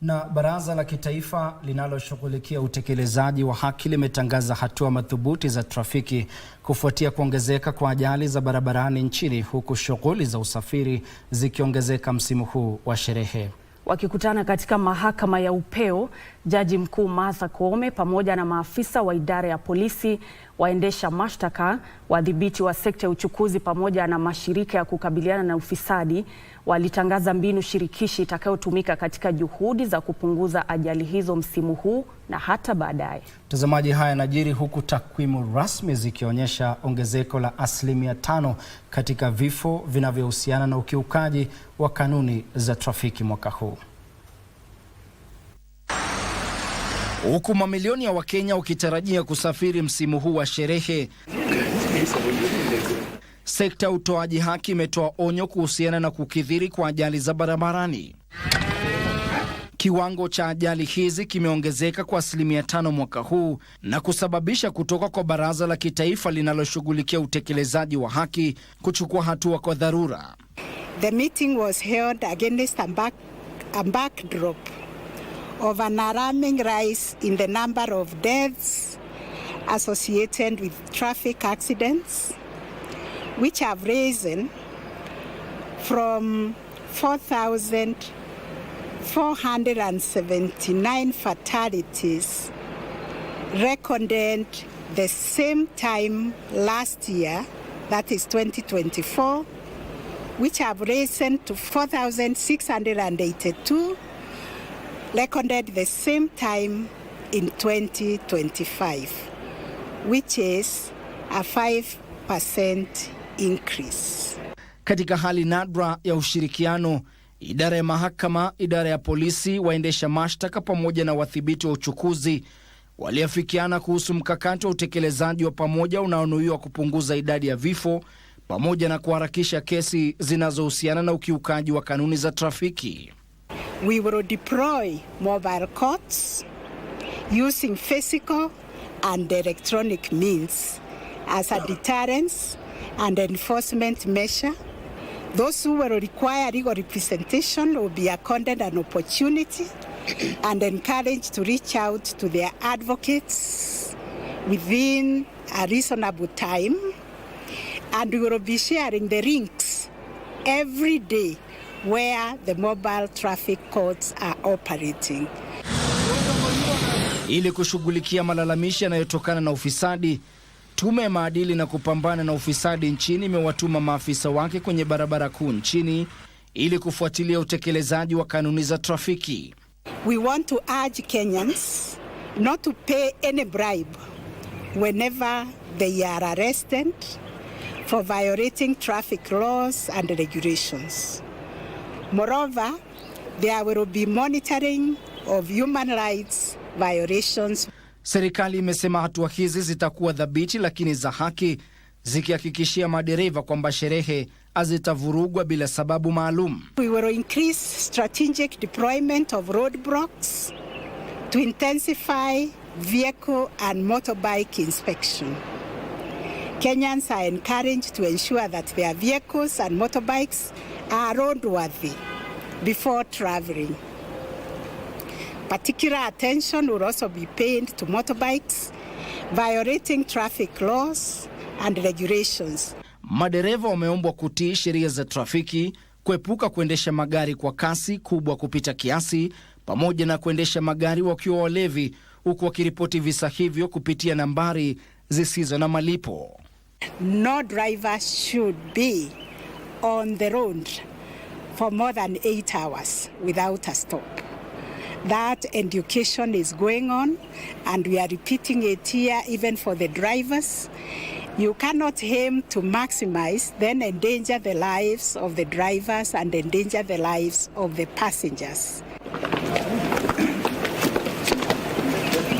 Na Baraza la Kitaifa linaloshughulikia utekelezaji wa haki limetangaza hatua madhubuti za trafiki kufuatia kuongezeka kwa ajali za barabarani nchini huku shughuli za usafiri zikiongezeka msimu huu wa sherehe. Wakikutana katika mahakama ya upeo Jaji Mkuu Martha Koome pamoja na maafisa wa idara ya polisi, waendesha mashtaka, wadhibiti wa sekta ya uchukuzi pamoja na mashirika ya kukabiliana na ufisadi walitangaza mbinu shirikishi itakayotumika katika juhudi za kupunguza ajali hizo msimu huu na hata baadaye. Mtazamaji, haya yanajiri huku takwimu rasmi zikionyesha ongezeko la asilimia tano katika vifo vinavyohusiana na ukiukaji wa kanuni za trafiki mwaka huu. huku mamilioni ya Wakenya wakitarajia kusafiri msimu huu wa sherehe. Sekta ya utoaji haki imetoa onyo kuhusiana na kukithiri kwa ajali za barabarani. Kiwango cha ajali hizi kimeongezeka kwa asilimia tano mwaka huu na kusababisha kutoka kwa baraza la kitaifa linaloshughulikia utekelezaji wa haki kuchukua hatua kwa dharura. The meeting was held against a back, a backdrop of an alarming rise in the number of deaths associated with traffic accidents, which have risen from 4,479 fatalities recorded the same time last year, that is 2024, which have risen to 4,682 recorded the same time in 2025 which is a 5% increase. Katika hali nadra ya ushirikiano, idara ya mahakama, idara ya polisi, waendesha mashtaka pamoja na wathibiti wa uchukuzi waliafikiana kuhusu mkakati wa utekelezaji wa pamoja unaonuiwa kupunguza idadi ya vifo pamoja na kuharakisha kesi zinazohusiana na ukiukaji wa kanuni za trafiki. We will deploy mobile courts using physical and electronic means as a deterrence and enforcement measure. Those who will require legal representation will be accorded an opportunity and encouraged to reach out to their advocates within a reasonable time. And we will be sharing the links every day where the mobile traffic courts are operating. Ili kushughulikia malalamishi yanayotokana na ufisadi, tume ya maadili na kupambana na ufisadi nchini imewatuma maafisa wake kwenye barabara kuu nchini ili kufuatilia utekelezaji wa kanuni za trafiki. We want to urge Kenyans not to pay any bribe whenever they are arrested for violating traffic laws and regulations. Moreover, there will be monitoring of human rights violations. Serikali imesema hatua hizi zitakuwa dhabiti lakini za haki, zikihakikishia madereva kwamba sherehe hazitavurugwa bila sababu maalum. We will increase strategic deployment of roadblocks to intensify vehicle and motorbike inspection. Kenyans are encouraged to ensure that their vehicles and motorbikes are roadworthy before traveling. Particular attention will also be paid to motorbikes violating traffic laws and regulations. Madereva wameombwa kutii sheria za trafiki, kuepuka kuendesha magari kwa kasi kubwa kupita kiasi, pamoja na kuendesha magari wakiwa walevi, huku wakiripoti visa hivyo kupitia nambari zisizo na malipo. No driver should be on the road for more than eight hours without a stop. That education is going on and we are repeating it here even for the drivers. You cannot aim to maximize, then endanger the lives of the drivers and endanger the lives of the passengers.